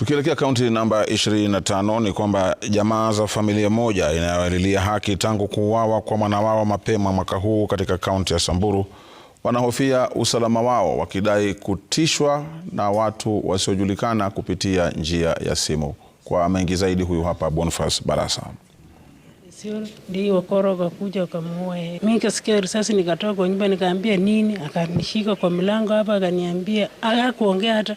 Tukielekea kaunti namba 25 ni kwamba jamaa za familia moja inayoalilia haki tangu kuuawa kwa mwana wao mapema mwaka huu katika kaunti ya Samburu wanahofia usalama wao wakidai kutishwa na watu wasiojulikana kupitia njia ya simu. Kwa mengi zaidi, huyu hapa Boniface Barasa. Ndio wakoro kuja kamuua. Mimi nikasikia risasi nikatoka kwa nyumba nikaambia nini, akanishika kwa mlango hapa akaniambia, akakuongea hata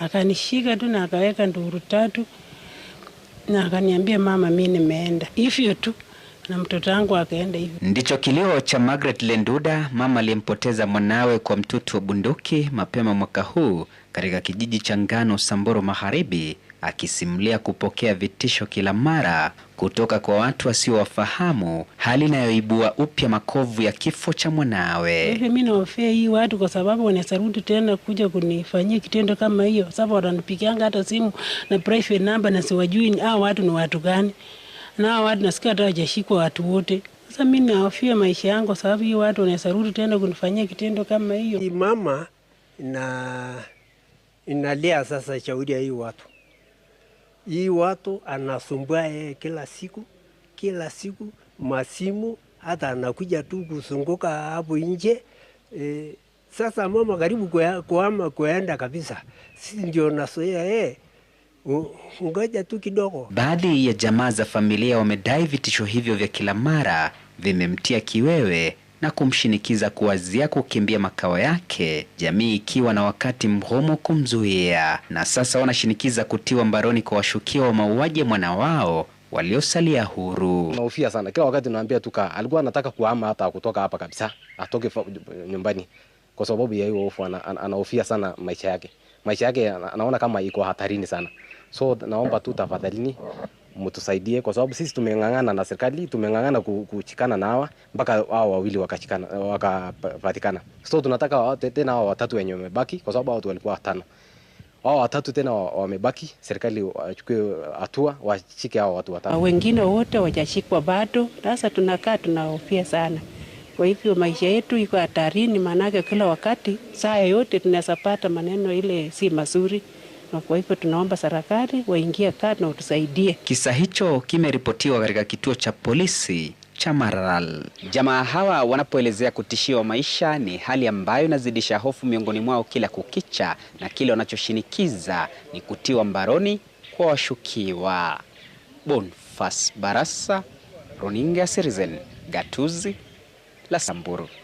akanishika tu na akaweka nduru tatu na akaniambia, mama, mi nimeenda. Hivyo tu na mtoto wangu akaenda hivyo. Ndicho kilio cha Margaret Lenduda, mama aliyempoteza mwanawe kwa mtutu wa bunduki mapema mwaka huu katika kijiji cha Ngano, Samburu Magharibi, akisimulia kupokea vitisho kila mara kutoka kwa watu wasiowafahamu, hali inayoibua upya makovu ya kifo cha mwanawe. Hivi mimi naofea hii watu, kwa sababu wanaweza rudi tena kuja kunifanyia kitendo kama hiyo. Sasa wananipikianga hata simu na private number, na siwajui hao watu ni watu gani, na hao watu nasikia hata hawajashikwa watu wote. Sasa mimi naofia maisha yangu, kwa sababu hii watu wanaweza rudi tena kunifanyia kitendo kama hiyo. Mama na inalia sasa shauri ya hii watu hii watu anasumbua yeye kila siku kila siku, masimu hata anakuja tu kusunguka hapo nje e. Sasa mama karibu kuama kuenda kabisa, si ndio nasoea yeye ngoja tu kidogo. Baadhi ya jamaa za familia wamedai vitisho hivyo vya kila mara vimemtia kiwewe na kumshinikiza kuwazia kukimbia makao yake, jamii ikiwa na wakati mgumu kumzuia, na sasa wanashinikiza kutiwa mbaroni kwa washukiwa wa mauaji ya mwana wao waliosalia huru. Naofia sana kila wakati, naambia tuka, alikuwa anataka kuhama hata kutoka hapa kabisa, atoke nyumbani kwa sababu ya hiyo hofu. Anaofia sana maisha yake, maisha yake anaona kama iko hatarini sana, so naomba tu tafadhalini mtusaidie, kwa sababu sisi tumeng'ang'ana na serikali, tumeng'ang'ana kuchikana na hawa mpaka hao wawili wakachikana wakapatikana. So tunataka wote tena hao watatu wenye wamebaki, kwa sababu hao watu walikuwa watano, hao watatu tena wamebaki, serikali wachukue hatua, washike hao watu watano. Wengine wote wajashikwa bado. Sasa tunakaa tunahofia sana kwa hivyo maisha yetu iko hatarini, maanake kila wakati saa yote tunaweza pata maneno ile si mazuri na kwa hivyo tunaomba serikali waingie kati na utusaidie. Kisa hicho kimeripotiwa katika kituo cha polisi cha Maralal. Jamaa hawa wanapoelezea kutishiwa maisha ni hali ambayo inazidisha hofu miongoni mwao kila kukicha, na kile wanachoshinikiza ni kutiwa mbaroni kwa washukiwa. Bonfas Barasa, Runinga Citizen, Gatuzi la Samburu.